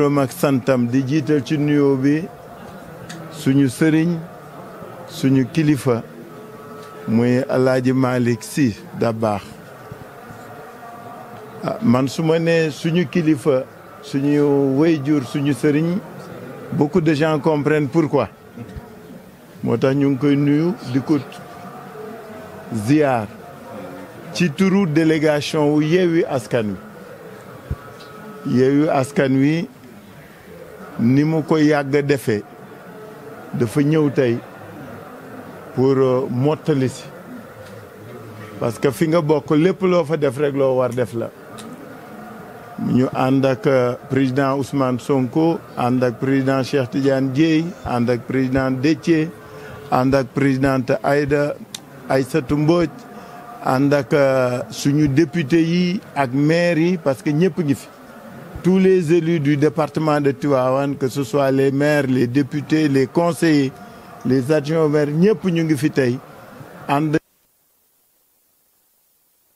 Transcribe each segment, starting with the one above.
turam ak santam di jiital ci nuyoo bi suñu sëriñ suñu kilifa muy alaaji Malick Sy Dabakh ah, man su ma suñu kilifa suñu wéyjur suñu sëriñ beaucoup de gens comprennent pourquoi moo tax ñu ngi koy nuyu di ko ziyaar ci turu délégation wu Yewwi Askan Wi Yewwi Askan Wi ni mu ko yàgg a defee dafa ñëw tey pour euh, mottali si parce que fi nga bokk lépp loo fa def rek loo war def la ñu ànd ak euh, président Ousmane Sonko ànd ak président Cheikh Tidiane Dieye ànd ak président Déthié ànd ak présidente Aïda Aïssatou Mbodj ànd ak euh, suñu député yi ak maire yi parce que ñëpp ngi fi tous les élus du département de Tivaouane que ce soit les maires les députés les conseillers les adjoints au maire ñëpp ñu ngi fi tey ànd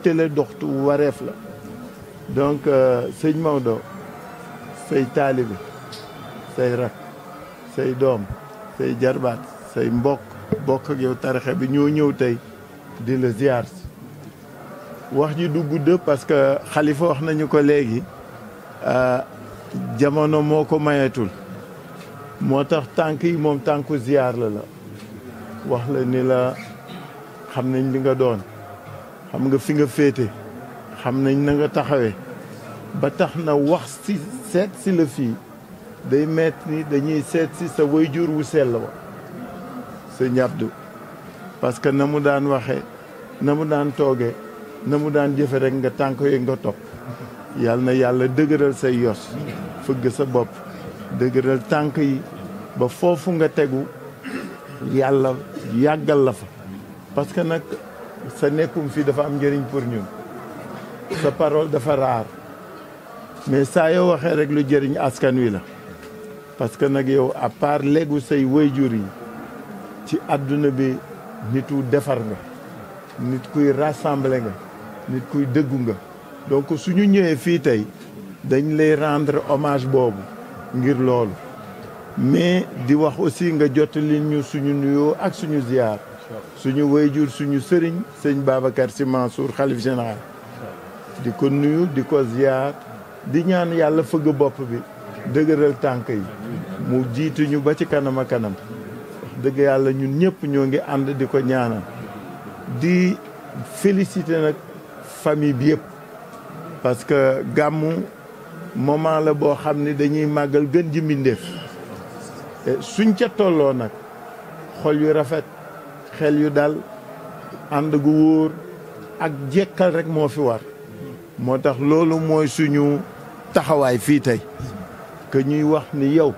télé doxtu wareef la donc euh, sëñ Maodo say taalibe say rak say doom say jarbaat say mbokk bokk ak yow tarixe bi ñoo ñëw tey di la ziar wax ji du gudd parce que xalifa wax nañu ko léegi Euh, jamono moo ko mayeetul moo tax tànk yi moom tànku ziyaar la la wax la ni la xam nañ bi nga doon xam nga fi nga féete xam nañ na nga taxawee ba tax na wax si seet si la fii day met ni dañuy seet si sa waajur wu sell wa sa ñabdu parce que na mu daan waxee na mu daan tooge na mu daan jëfe rek nga tànk yooyu nga topp yal na yàlla dëgëral say yos fëgg sa bopp dëgëral tànk yi ba foofu nga tegu yàlla yàggal la fa parce que nag sa nekkum fii dafa am njëriñ pour ñun sa parole dafa raar mais saa yoo waxee rek lu jëriñ askan wi la parce que nag yow à part léegu say wayjur yi ci adduna bi nitu defar nga nit kuy rassembler nga nit kuy dëggu nga donc suñu ñu ñëwee fii tey dañ lay rendre omage boobu ngir loolu mais di wax aussi nga jottali ñu suñu nuyoo ak suñu ziar suñu wayjur suñu sëriñ sëñ Babacar Sy Mansour xalif général di ko nuyu di ko ziar di ñaan yàlla fëgg bopp bi dëgëral tànk yi mu jiitu ba ci kanam kanam dëgg yàlla ñun ñëpp ñoo ngi ànd di ko ñaanal di féliciter nag famille bi yëpp parce que gàmmu moment la boo xam ni dañuy màggal gën ji mbindéef suñ ca tolloo nag xol yu rafet xel yu dal ànd gu wóor ak jekkal rek moo fi war moo tax loolu mooy suñu taxawaay fii tey que ñuy wax ni yow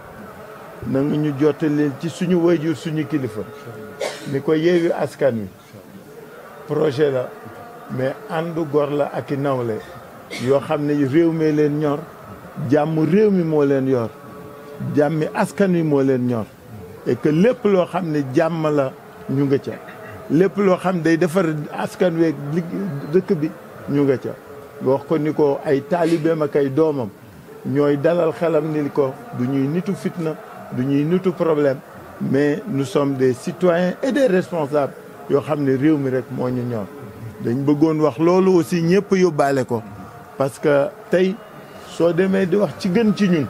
na ñu jottaleel ci suñu wayjur suñu kilifa ni ko yeewi askan wi projet la mais àndu gor la ak i nawle yoo xam ne réew mi leen ñor jàmm réew mi moo leen yor jàmmi askan wi moo leen ñor et lépp loo xam ne jàmm la ñu nga ca lépp loo xam day defar askan week dëkk bi ñu nga ca wax ko ni ko ay taalibeem ak ay doomam ñooy dalal xelam ni ko du ñuy nitu fitna du ñuy nitu problème mais nu sommes des citoyens et des yoo xam ne réew mi rek moo ñu ñor dañ bëggoon wax loolu aussi ñëpp yóbbaale ko parce que tey soo demee di wax ci gën ci ñun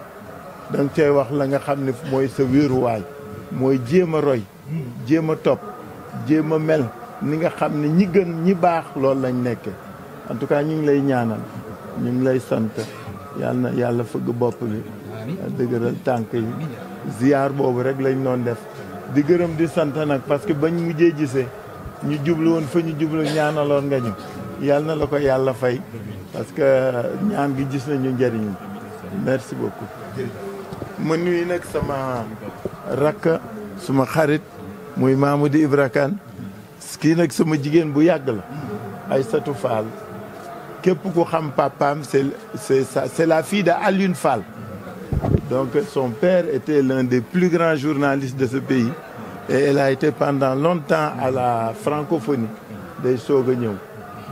da nga cay wax la nga xam ne mooy sa waañ mooy jéem a roy jéem a topp jéem a mel ni nga xam ne ñi gën ñi baax loolu lañ nekke en tout cas ñu ngi lay ñaanal ñu ngi lay sant yal na yàlla fëgg bopp bi dëgëral tànk yi ziyaar boobu rek lañ noon def di gërëm di sant nag parce que bañ mujjee gisee ñu jublu woon fa ñu jublu ñaanaloon nga ñu yal na la ko yàlla fay parce que ñaan gi gis nañu njëriñ merci beaucoup ma nuyu nag sama rakk suma xarit muy Mamadou Ibra Kane kii nag sama jigéen bu yàgg la Aïssatou Fall képp ku xam papaam c'est c'est la fille de Alioune Fall donc son père était l'un des plus grands journalistes de ce pays et elle a été pendant longtemps à la francophonie day soog a ñëw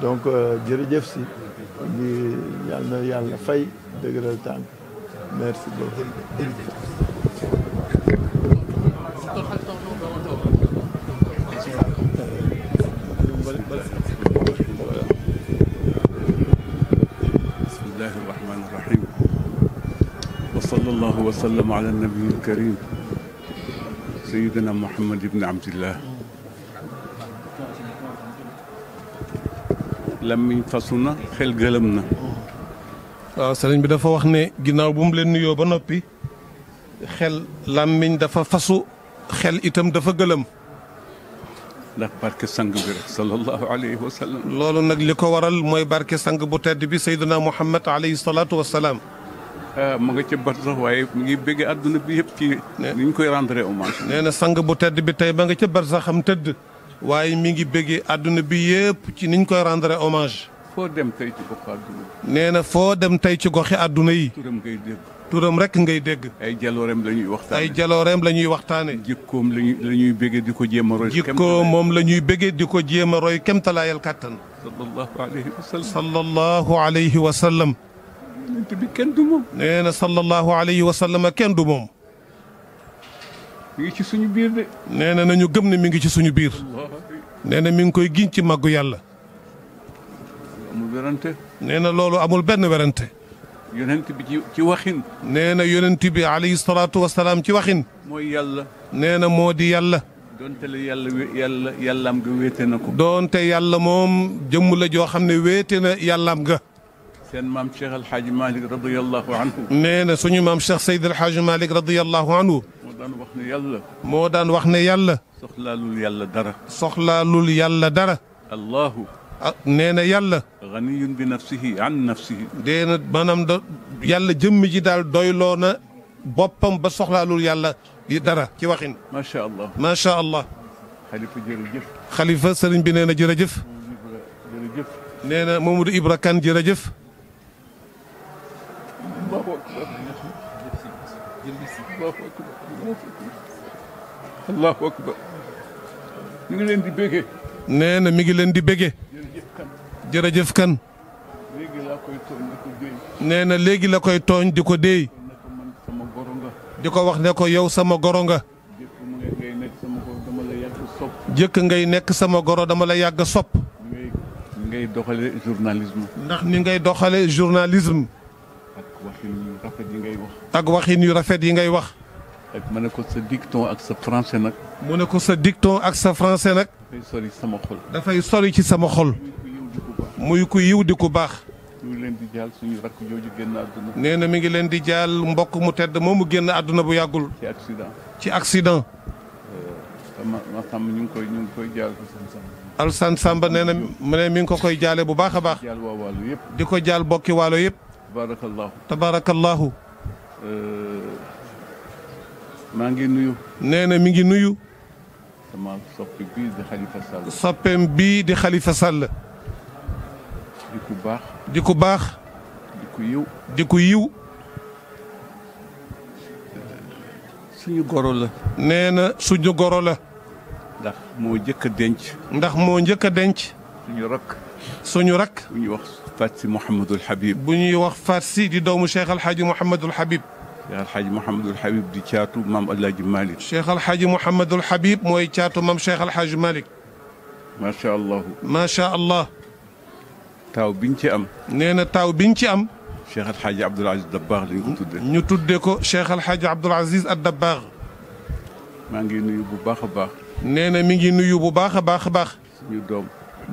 donc euh, jërëjëf si di yal na yàlla fay dëgëral tànk merci beaucoup sallallahu wa sallam ala nabiyyil karim sayyidina Muhammad ibn Abdillah làmmiñ fasu na xel gëlëm na waaw sëriñ bi dafa wax ne ginnaaw bu mu leen nuyoo ba noppi xel làmmiñ dafa fasu xel itam dafa gëlëm ndax barke sang bi rek loolu nag li ko waral mooy barke sang bu tedd bi sayduna muhammad alayhi salaatu wa salaam ah mu nga ca bat sax waaye mu ngi béggee àdduna bi yëpp ci. ni ñu koy rendre hommage. nee na sang bu tedd bi tey ba nga ca bar sax xam tëdd. waaye mi ngi bëggee àdduna bi yëpp ci niñ koy rendre hommage. foo dem nee na foo dem tey ci goxi àdduna yi. turam ngay turam rek ngay dégg. ay jalooreem la ñuy waxtaane ay jalooreem la ñuy waxtaane. jikkoom la ñuy ñuy bëggee di ko jéem a moom la ñuy bëggee di ko jéem a roy kemtalaayal kàttan. sallallahu alayhi wa sallam. wa sallam. yonent bi kenn du moom. nee na sallallahu alayhi wa kenn du moom. mi ngi ci suñu biir de. nee na nañu gëm ne mi ngi ci suñu biir. nee na mi ngi koy giñ ci màggu yàlla. amul werante. nee na loolu amul benn werante. yonent bi ci ci waxin. nee na yonent bi alayhi salaatu wa salaam ci waxin. mooy yàlla. nee na moo di yàlla. donte la yàlla yàlla yàllaam nga wéete na ko. donte yàlla moom jëmm la joo xam ne wéete na yàllaam nga. seen maam Cheikh El Hadj Malick radiyallahu anhu. nee na suñu maam Cheikh Seydou anhu. moo daan wax ne yàlla. moo daan wax ne yàlla. soxlaalul yàlla dara. soxlaalul yàlla dara. Allahu. ah nee na yàlla. ganiyun bi nafsihi an nafsihi. dee na maanaam da yàlla jëmm ji daal doyloo na boppam ba soxlaalul yàlla dara ci waxin. macha allah macha allah. xalifa jërëjëf. xalifa sëriñ bi nee na jërëjëf. nee allahu ngi leen di nee na mi ngi leen di bége. kan. jërëjëf léegi la koy tooñ di ko déy. nee na di ko wax ne ko yow sama goro nga. jëkk ngay nekk sama goro dama la yàgg a sopp. ngay doxale journalisme. ndax ni ngay doxale journalisme. rafet yi ngay wax. ak waxin yu rafet yi ngay wax. ak mu ne ko sa dicton ak sa français nag. mu ne ko sa dicton ak sa français nag. dafay sori sama xol. dafay sori ci sama xol. muy ku yiw di ku baax. leen di jaal suñu rakk jooju génn nee na mi ngi leen di jaal mbokk mu tedd moomu génn àdduna bu yàggul. ci accident. ci accident. Euh, ma Samba ñu ngi koy ñu ngi koy jaal Alsan Samba nee na mu mi ngi ko koy jaale bu baax a baax. di ko jaal bokki waalo yëpp. tabaarakallahu tabaarakallahu euh, maa ngi nuyu. nee na mi ngi nuyu. sama soppi bii di Khalifa Sall. soppeem bii di Khalifa Sall. di ku baax. di ku yiw. di ku yiw. suñu goro la. nee na suñu goro la. ndax moo njëkk denc. ndax moo njëkk a denc. suñu rakk. suñu rakk. Fàtsi Mouhamadul Habib. bu ñuy wax Fàtsi di doomu Cheikh Al Hadj Mouhamadul Habib. Cheikh Al Hadj Mouhamadul Habib di caatu maam El Hadj Malick. Cheikh Al Hadj Mouhamadul Habib mooy caatu maam Cheikh Al Hadj Malick. macha allah. macha allah. taaw biñ ci am. nee na taaw biñ ci am. Cheikh Al Hadj Abdoul Aziz Dabakh lañ ko tuddee. ñu tuddee ko Cheikh Al Hadj Abdoul Aziz Dabakh. ngi nuyu bu baax a baax. nee na mi ngi nuyu bu baax a baax a baax.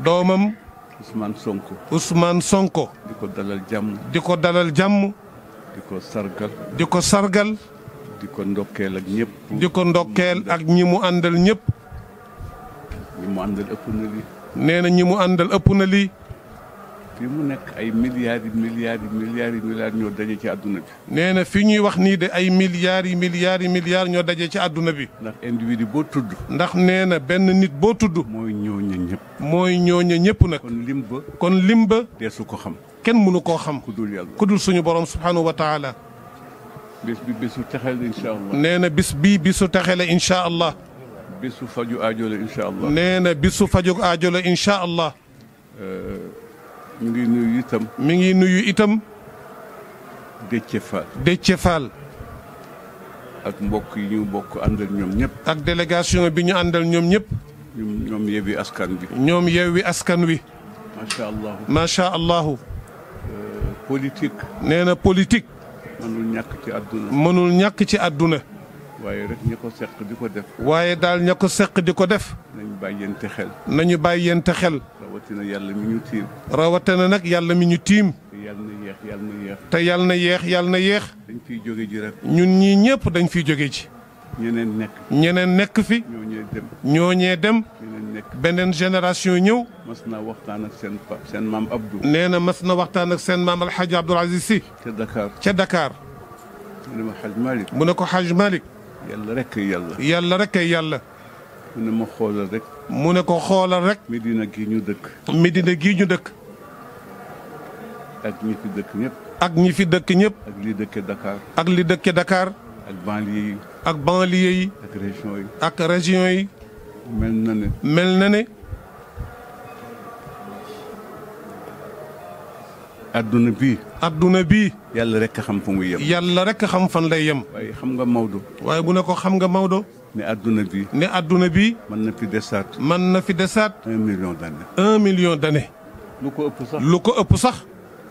doomam. Ousmane Sonko. Ousmane Sonko. di ko dalal jàmm. di ko dalal jàmm. di ko sargal. di ko sargal. di ko ndokkeel ak ñëpp. di ko ndokkeel ak ñi mu àndal ñëpp. ñi mu àndal ëpp na lii. fii mu nekk ay milliards yi milliards yi milliards yi milliards ñoo daje ci àdduna bi. nee na fi ñuy wax nii de ay milliards yi milliards yi milliards ñoo daje ci àdduna bi. ndax individu boo tudd. ndax nee na benn nit boo tudd. mooy ñooña ñëpp. mooy ñooña ñëpp nag. kon lim ba. kon lim ba. deesu ko xam. kenn mënu koo xam. ku dul yàlla ku dul suñu borom subxanahu wa taala. bés bi bésu taxe la incha allah. nee na bis bii bisu taxe la incha allah. bisu faju aajo la incha allah. nee na bisu faju aajo la incha allah. Euh, mi ngi nuyu itam. mi ngi nuyu itam. Déthié Fall. Déthié Fall. ak mbokk yi ñu bokk àndal ñoom ñëpp. ak délégation bi ñu àndal ñoom ñëpp. ñoom yewwi askan wi. ñoom wi askan wi. macha allah macha allah. Euh, politique. nee na politique. mënul mënul ñàkk ci àdduna. waaye rek ko seq di ko def. waaye daal ña ko seq di ko def. nañu bàyyi yéen te xel. nañu bàyyi yéen te xel. rawatina yàlla mi ñu tiim. rawatina nag yàlla mi ñu tiim. te yàlla na yeex yàlla na yéex. te yàlla na yéex yàlla na yéex. dañ ji ñun ñii ñëpp dañ fiy jóge ci ñeneen nekk. ñeneen nekk fi. ñooñee dem. ñooñee dem. beneen génération ñëw. mas naa waxtaan ak seen seen maam Abdou. nee na mas na waxtaan ak seen maam Alxaaji Abdoul Si. ca Dakar ca Dakar. mu ne ma mu ne ko Xaj Malick. yàlla rek ay yàlla. yàlla rek ay yàlla. mu ne ma xoolal rek. mu ne ko xoolal rek. Medina gii ñu dëkk. Medina gii ñu dëkk. ak ñi fi dëkk ñëpp. ak ñi fi dëkk ñëpp. ak li dëkkee Dakar. ak li dëkkee Dakar. ak yi. ak banlieue yi. ak région yi. ak région yi. mel na ne. mel na ne. bii. adduna bii. yàlla rek a xam fu muy yem. yàlla rek a xam fan lay yem. waaye xam nga Maodo. waaye bu ne ko xam nga Maodo. ne adduna bii. ne adduna bi mën na fi desaat. man na fi desaat. un million million d'années. lu ko ëpp sax lu ko ëpp sax.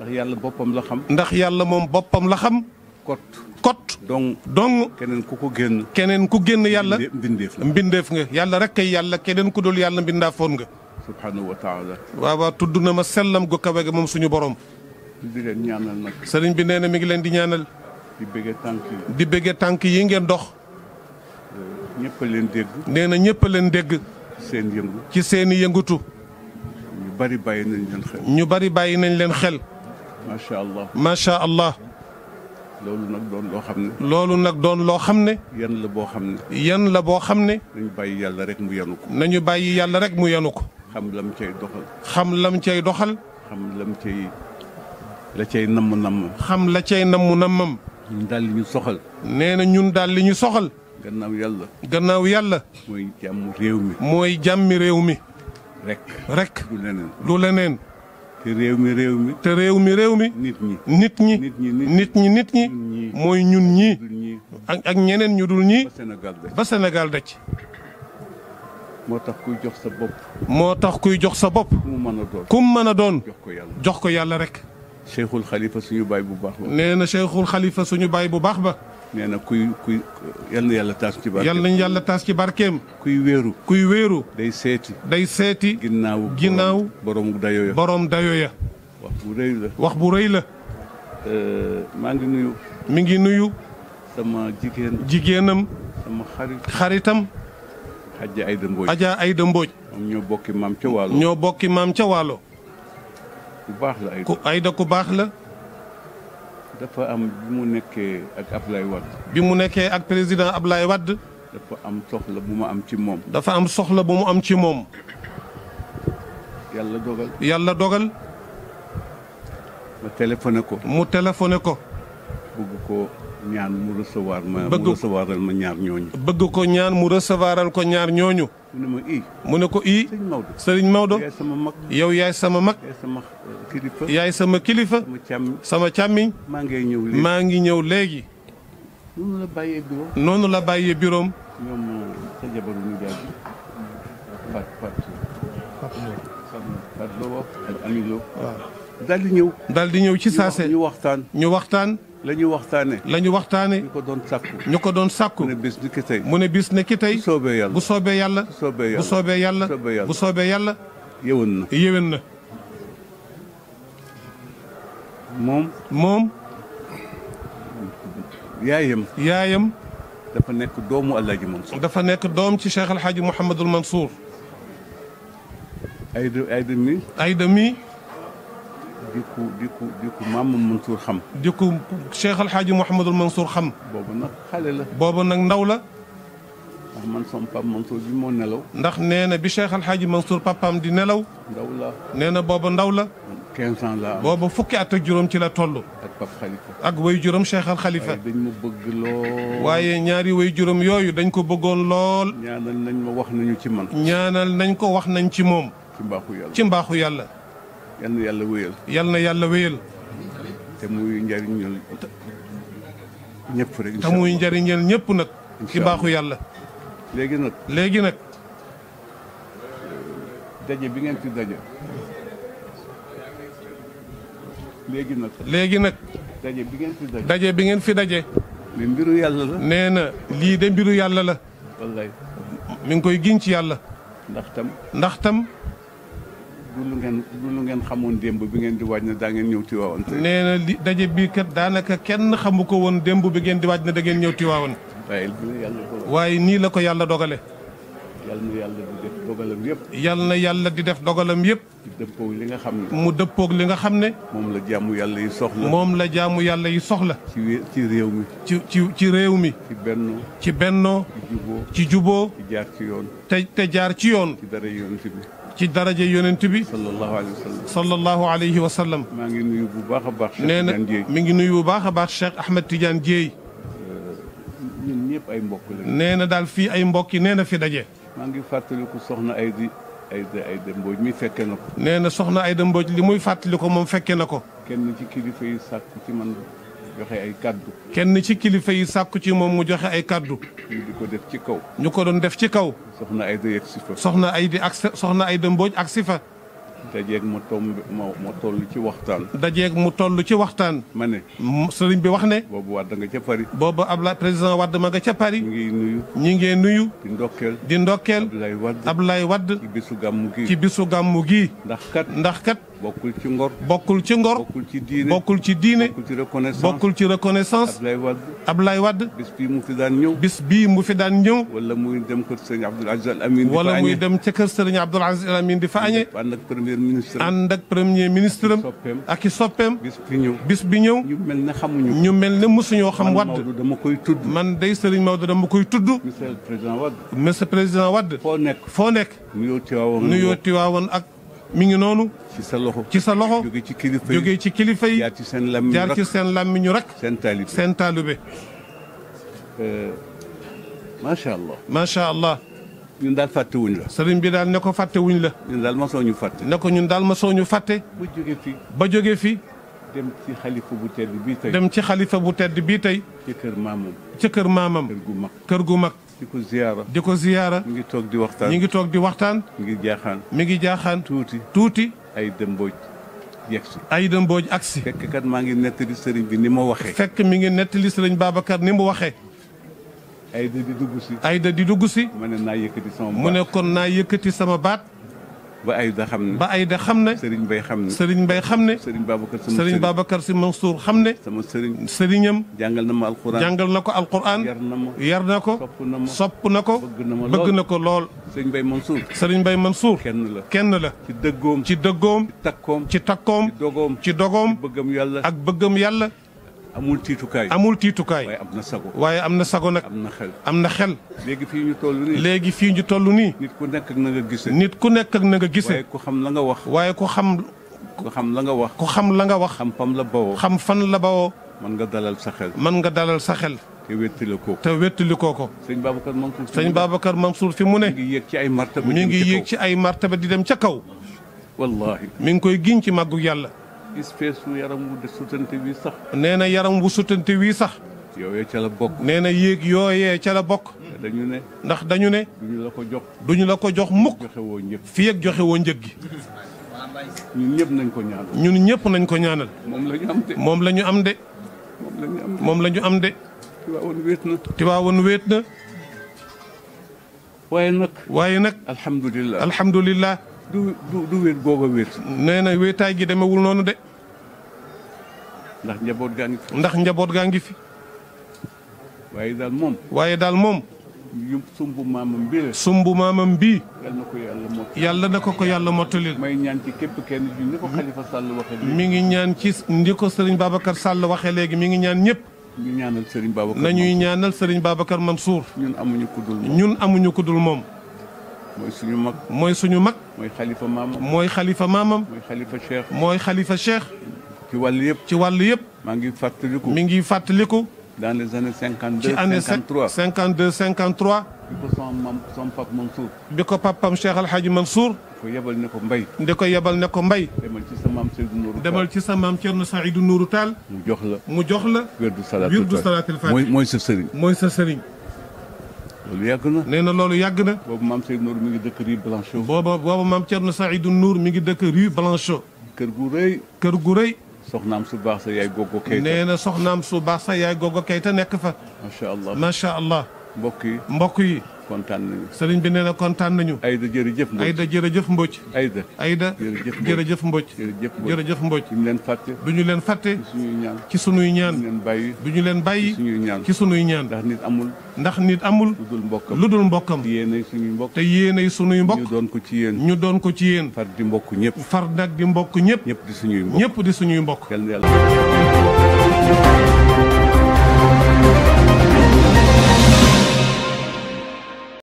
ndax yàlla boppam la xam. ndax yàlla moom boppam la xam. kot kot. dong dong. keneen ku ko génn. keneen ku génn yàlla. mbindeef nga mbindeef nga yàlla rek kay yàlla keneen ku dul yàlla mbindaafoon nga. subhaanahu wa taala. waaw waaw tudd na ma sellam gu kawe ga moom suñu borom. di leen ñaanal nag. sëriñ bi nee na mi ngi leen di ñaanal. di bëgge tànk yi. di bëgge tànk yi ngeen dox. ñëpp leen dégg. na ñëpp leen dégg. seen yëngu. ci seeni i yëngatu. ñu bari bàyyi nañu leen xel. ñu bari bàyyi nañ leen xel. macha allah macha allah. loolu nag doon loo xam ne. loolu nag doon loo xam ne. yan la boo xam ne. yan la boo xam ne. nañu bàyyi yàlla rek mu yenu ko. nañu bàyyi yàlla rek mu yanu ko. xam lam cay doxal. xam lam cay doxal. xam lam la namm namm. xam la cay namm nammam. ñun daal li ñu soxal. neena ñun daal li ñu soxal. gannaaw yàlla. gannaaw yàlla. mooy jàmm réew mi. mooy jàmmi réew mi. rekk rek du leneen. te réew mi réew mi. te réew mi réew mi. nit ñi nit ñi. nit ñi mooy ñun ñii. ak ñeneen ñu dul ñii. ba Sénégal daj. moo tax kuy jox sa bopp. moo tax kuy jox sa bopp. mu mën a doon ku mu mën a doon. jox ko yàlla rek. cheikhul xalifa suñu baay bu baax ba. nee na cheikhul xalifa suñu baay bu baax ba. nee na kuy kuy yal yàlla taas ci barkeem yal nañu yàlla taas ci barkeem. kuy wéeru. kuy wéeru. day seeti. day seeti. ginnaaw ginnaaw. borom dayo ya borom dayo ya. wax bu rëy la. wax bu rëy la. maa ngi nuyu. mi ngi nuyu. sama jigéen. jigéenam. xaritam. Adja ay Mbodj. Adja Ayda Mbodj. ñoo bokki maam ca waalo. ñoo bokki maam ca waalo. ku baax la ay Aïda ku baax la. dafa am bi mu nekkee ak Ablaye Wade. bi mu nekkee ak président Ablaye Wade. dafa am soxla bu mu am ci moom. dafa am soxla bu mu am ci moom. yàlla dogal. yàlla dogal. ma téléphoné ko. mu téléphoné ko. bëgg ko. ñaan mu recevoir ma bëgg ko ñaan mu recevoiral ko ñaar ñooñu. mu ne ko ii. Serigne Maodo yaay sama mag. yow yaay sama mag. yaay sama eh, kilifa. sama càmmiñ. maa ngi ñëw léegi maa ngi ñëw léegi. noonu la bàyyee bureau. noonu ñëw. ci saase. ñu waxtaan. la ñu waxtaane la ñu waxtaane ñu ko doon sàkku ñu ko doon sàkku mu ne bis ni ki tey mu ne bis ni ki tey bu soobee yàlla bu soobee yàlla bu soobee yàlla soobee yàlla yéwén na yéwén na moom moom yaayam yaayam dafa nekk doomu Alaaji Mansour dafa nekk doom ci Cheikh Alhaaji Mouhamadul Mansour ayda ayda mi ayda mi bi ku bi ku bi xam. di ku Cheikh Alxaaji Mouhamadul Mansour xam. boobu nag xale la. boobu nag ndaw la. ndax man som pap Mansour nelaw. ndax nee na bi Cheikh Alxaaji Mansour papaam di nelaw. ndaw la nee na boobu ndaw la. 15 ans la boobu fukki at ak juróom ci la toll. ak Pape ak way juróom Cheikh xalifa Khalifa. waaye dañ waaye ñaari way juróom yooyu dañ ko bëggoon lool. ñaanal nañ ma wax nañu ci man. ñaanal nañ ko wax nañ ci moom. ci mbaaxu ci mbaaxu yàlla. yal na yàlla wéyal. yal na yàlla wéyal. te muy njariñal ñëpp rek. incha ñëpp nag. ci baaxu yàlla. léegi nag léegi nag. daje bi ngeen fi daje. léegi nag léegi nag. daje bi ngeen bi ngeen fi daje. mbiru yàlla la. nee na lii de mbiru yàlla la. mi ngi koy giñ ci yàlla. ndax tam. du lu ngeen xamoon démb bi ngeen di waaj na ñëw Tiwaawan. nee na li daje bii daanaka kenn xamu ko woon démb bi ngeen di waaj na da ngeen ñëw Tiwaawan. waaye nii la ko yàlla dogale. yal na yàlla di def dogalam yëpp. di def dogalam yëpp. mu dëppoog li nga xam ne. mu li nga xam ne. moom la jaamu yàlla yi soxla. moom la jaamu yàlla yi soxla. ci ci réew mi. ci ci ci réew mi. ci bennoo. ci bennoo. ci juboo. ci ci jaar ci yoon. te te jaar ci yoon. ci dara ci daraja yonent bi. sallallahu alayhi wa sallam. sallallahu alayhi wa sallam. maa ngi nuyu bu baax a baax. nee na mi ngi nuyu bu baax a baax Cheikh Ahmed tijaan Dieye. ñun ñëpp ay mbokk lañu. nee na daal fii ay mbokk yi nee na fi daje. maa ngi fàttaliku soxna ay di Ayda ay Ayda Mbodj mi fekke na ko. nee na soxna Ayda Mbodj li muy fàttali ko moom fekke na ko. kenn ci kilifa yi sàkku ci man. joxe ay kaddu. kenn ci kilifa yi sàkku ci moom mu joxe ay kaddu. ñu di ko def ci kaw. ñu ko doon def ci kaw. soxna Ayda yegg si fa. soxna Aydi ak soxna Ayda Mbodj ak si fa. dajeeg mu tomb mu toll ci waxtaan. dajeeg mu toll ci waxtaan. ma ne. sëriñ bi wax ne. boobu Wade nga ca Paris. boobu Abdoulaye président Wade ma nga ca Paris. ñu ngi nuyu. ñu ngi nuyu. di ndokkeel. di ndokkeel. Abdoulaye lay Abdoulaye Wade. ci bisu gàmmu gii. ci bisu gàmmu gi ndax kat ndax kat. bokkul ci ngor bokkul ci ngor. bokkul ci diine bokkul ci diine. bokkul ci reconnaissance bokkul ci reconnaissance. Ablaye Wade Ablaye Wade. bis bii mu fi daan ñëw. bis bii mu fi daan ñëw. wala muy dem kër Serigne Abdoul Aziz Al Amin. di fa wala muy dem ca kër Serigne Abdoul Aziz Al di fa añee. ànd ak premier ministre ànd ak premier ministre am. ak i soppeem. bis bi ñëw ñu mel ne xamuñu ñu mel ne mosuñoo xam. Wade man Maodo dama koy tudd. man day Serigne Maodo dama koy tudd. monsieur le président Wade. foo nekk foo nekk. nuyoo Tiwaawoon ak. mi ngi noonu. ci sa loxo ci sa loxo. jóge ci kilifa yi jóge ci kilifa yi. jaar ci seen làmmiñu rek seen làmmiñu rek. seen taalibe seen taalibe. Euh, macha allah. macha ñun daal fàtte wuñ la. sëriñ bi daal ne ko fàtte la. daal ma ñu fàtte. ne ko ñun daal ma soo ñu fàtte. ba jóge fi dem ci xalifa bu tedd bii tey. dem ci xalifa bu tedd bii tey. ci kër maamam. kër maamam. gu mag kër gu mag. di ko ziyaara. di ko ngi toog di waxtaan mi ngi toog di waxtaan. mu ngi jaaxaan mi ngi jaaxaan. tuuti tuuti. ay dëmbooj yegsi. ay dëmbooj agsi. fekk kat maa ngi nettali sëriñ bi ni ma waxee. fekk mi ngi nettali sëriñ Babacar ni mu waxee. ayda di dugg si. ayda di dugg si. mu ne naa yëkkati sama baat ba Ayda xam ne ba da xam ne. Serigne Mbaye xam ne Serigne Mbaye xam ne. Serigne Babacar si Serigne Babacar si Mansour xam ne. sama Serigne Serignam. jàngal na ma alquran jàngal na ko alquran. yar na ma yar na ko. sopp na ma sopp na ko. bëgg na ko lool Serigne Mbaye Mansour. Serigne Mbaye Mansour. kenn la kenn la. ci dëggoom ci dëggoom. ci takkoom ci takkoom. ci dogoom ci dogoom. ak bëggam yàlla. amul tiitukaay amul tiitukaay. waaye am na sago waaye am na sago nag. am na xel am na xel. léegi fii ñu nii léegi fii ñu toll nii. nit ku nekk ak na nga gisee. nit ku nekk ak na nga gisee. waaye ku xam la nga wax. waaye ku xam. ku xam la nga wax. ku xam la nga wax. xam fam la bawoo. xam fan la bawoo. mën nga dalal sa xel. mën nga dalal sa xel. te wettali ko te wettali ko ko. sëñ Babacar Mansour sëñ Babacar Mansour fi mu ne. mu ngi yéeg ci ay martaba di dem ca kaw mi ngi yéeg ci ay martaba di dem ca kaw. wallaahi koy giñ ci màggu yàlla espèce su yaram wu sutante wii sax. nee na yaram wu sutante wii sax. yooyee ca la nee na yéeg yooyee ca la bokk. dañu ne. ndax dañu ne. duñu la ko jox. duñu la ko jox mukk. fi woo njëg fii joxe woo njëg gi. ñun ñëpp nañ ko ñaanal. ñun ñëpp nañ ko ñaanal. moom la ñu am de. moom lañu am de. moom la ñu am de. Tiwaawoon wéet na. waaye nag. waaye nag. alhamdulilah alhamdulilah. du du du wéet nee na wéetaay gi demewul noonu de. ndax njaboot gaa ngi fi. ndax njaboot gaa ngi fi. waaye daal moom. waaye daal moom. sumbu maamam bii la. sumbu maamam bii. yàlla na ko yàlla yàlla na ko ko yàlla mottali. may ñaan ci képp kenn ni ko ngi ñaan ci ni ko Serigne Babacar Sall waxee léegi mi ngi ñaan ñëpp. ñu ñaanal Serigne Babacar nañuy ñaanal Serigne Babacar Mansour. ñun amuñu ku dul moom ñun amuñu ku dul moom. mooy suñu mag. mooy suñu mag. mooy xalifa maamam. mooy xalifa maamam. mooy xalifa cheikh. mooy xalifa cheikh. ci wàll yëpp. ci wàll yëpp. maa ngi fàttaliku. mi ngi fàttaliku. dans les années cinquante deux cinquante trois ci année cinquante deux cinquante trois. bi ko sama maam sama pap Mansour. ko papam Cheikh Al Hadj Mansour. ko yebal ne ko mbay. di ko yebal ne ko mbay. demal ci sa maam ci Nourou Tall sa maam Thierno Saïdou Nourou mu jox la mu jox la. wirdu salaatul wirdu salaatul mooy mooy sa sëriñ. mooy sa sëriñ. loolu yàgg nee na loolu yàgg na. boobu maam Seydou Nour mi ngi dëkk rue Blanchot. booba boobu maam Thierno Saïdou Nour mi ngi dëkk rue Blanchot. kër gu rëy. kër gu rëy. soxnaam su baax sa yaay Gogo Keita na soxnaam su baax sa yaay Gogo Keita nekk fa. macha allah macha allah. mbokk yi mbokk yi. kontaan nañu. sëriñ bi nee na kontaan nañu. Ayda jërëjëf Mbodj Ayda jërëjëf Mbodj. Ayda Ayda jërëjëf Mbodj jërëjëf Mbodj. duñu leen fàtte. duñu leen fàtte. ci sunuy ñaan duñu leen bàyyi. ci sunuy ñaan ndax nit amul. ndax nit amul. lu dul mbokkam lu dul mbokkam. yéenay suñuy mbokk te yéenay suñuy mbokk. ñu doon ko ci yéen ñu doon ko ci yéen. far di mbokk ñëpp. far nag di mbokk ñëpp. ñëpp di suñuy mbokk ñëpp di suñuy mbokk.